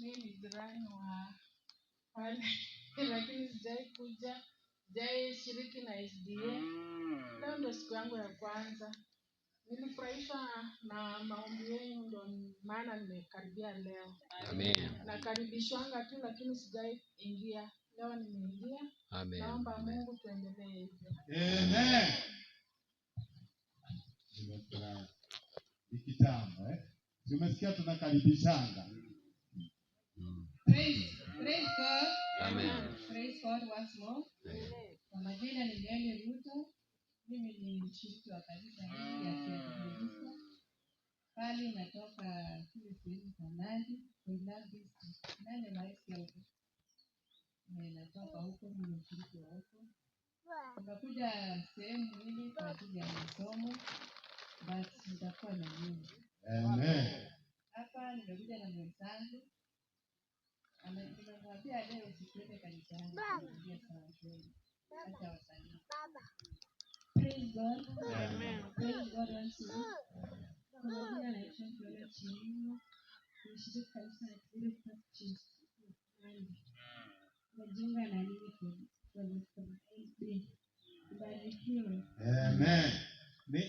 mi ni jirani wa wale lakini sijai kuja sijai shiriki na SDA. Mm. Leo ndio siku yangu ya kwanza. Nilifurahishwa na maombi yenu, ndio maana nimekaribia leo. Nakaribishwanga tu, lakini sijai ingia. Leo nimeingia. Naomba Mungu tuendelee hivyo. Amen. eh? Tumesikia tunakaribishanga. Kwa majina ni Daniel Ruto. Mimi ni mshiriki wa kanisa hili ya Kiadventista. Pale natoka kile sehemu za Nandi, Kuilaa maisi Natoka huko, mimi ni mshiriki wa huko. Tunakuja sehemu hili kwa ajili ya masomo, but nitakuwa na nyingi. Hapa nimekuja na mwenzangu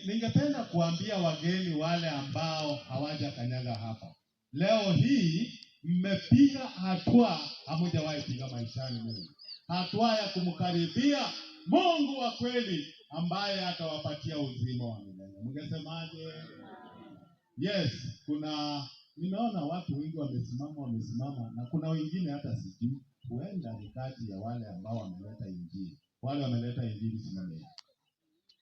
Ningependa kuambia wageni wale ambao hawajakanyaga hapa leo hii mmepiga hatua hamujawahi piga maishani mwenu, hatua ya kumkaribia Mungu wa kweli ambaye atawapatia uzima wa milele. Mngesemaje? Yes, kuna nimeona watu wengi wamesimama, wamesimama na kuna wengine hata sijui, huenda ni kati ya wale ambao wameleta injili, wale wameleta injili simameni